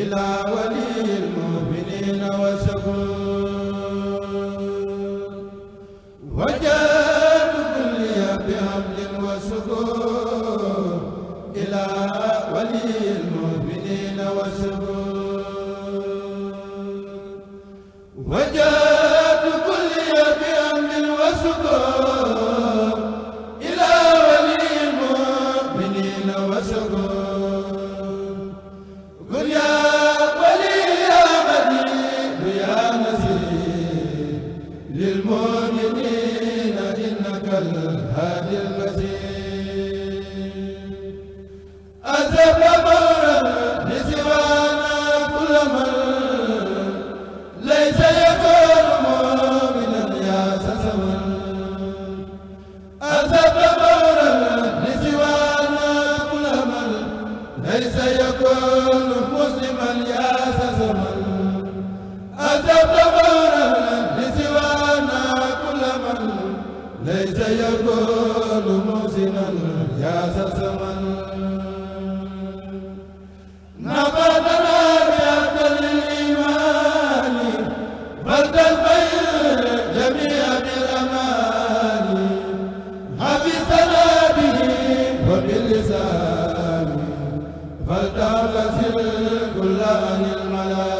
ila wali laysa yakunu musinan ya sa saman الإحسان فلتغتسل كل أن الملائكة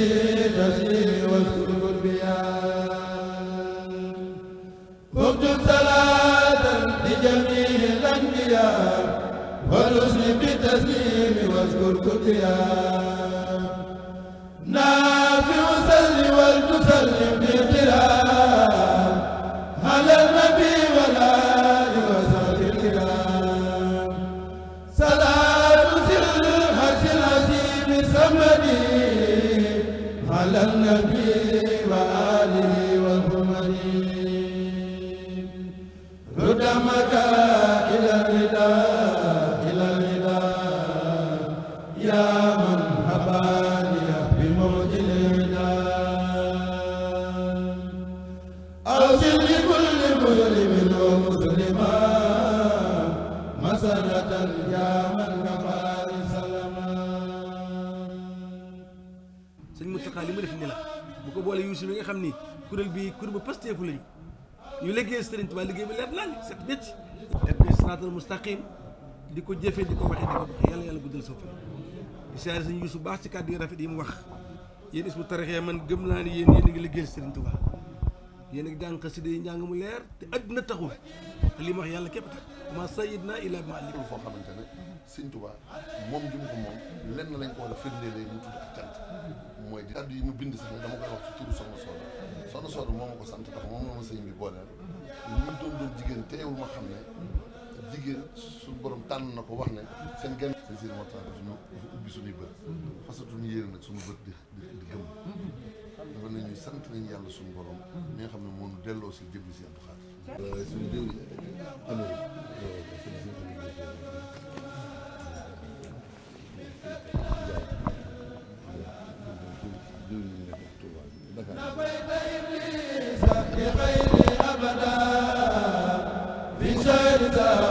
والحسن بالتسليم واذكر كتيا نافع سل والتسلم بالقران على النبي والآل وصحبه الكرام صلاة سر الحج العظيم سمدي على النبي وآل sëñ Mountakha li mu def ni la bu ko boole Youssou mi nga xam ni kuréel bi kuréel bu pasteefu lañu ñu liggéey Sëriñ Tuubaa liggéey bi leer nañ set wecc def ko siraatal mustaqim di ko jëfee di ko waxee di ko waxee baax ci kàddu yu rafet yi mu wax yéen is bu tarixee man gëm naa ni yéen yéen a ngi liggéeyal Sëriñ Tuubaa yéen ak si de yi njàng mu leer te adduna taxul li ma wax yàlla képp tax ma sayidna ilaa bi foo xamante ne sëñ Tuubaa moom gi ko moom lenn lañ ko a firndeelee mu tudd di addu yi mu bind sax ne dama koy wax ci moo ko sant tax moom la ma sëñ bi booleel ñu jigéen teewul ma xam ne jigéen suñu borom tànn na ko wax ne seen genn seen sir moo tax dafa ubbi suñuy bët fasatuñu yéene nag suñu bët di di dafa ne ñu sant nañu yàlla suñu borom. mi nga xam ne moom delloo si jëmm si Abdou Khadre. suñu jëmm Amérique. Dakar.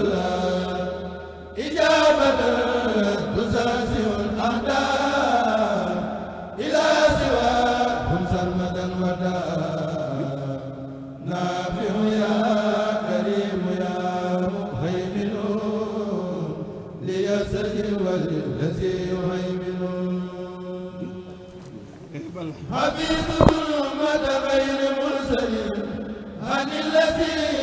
حفيظ الأمة غير مرسل عن الذي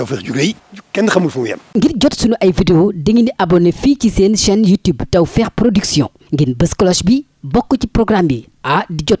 Tawfekh ju rëy kenn xamul fu mu yem ngir jot sunu ay vidéo dangeen di abonné fii ci seen chaîne YouTube Tawfekh Production ngeen bës cloche bi bokk ci programme bi ah di jot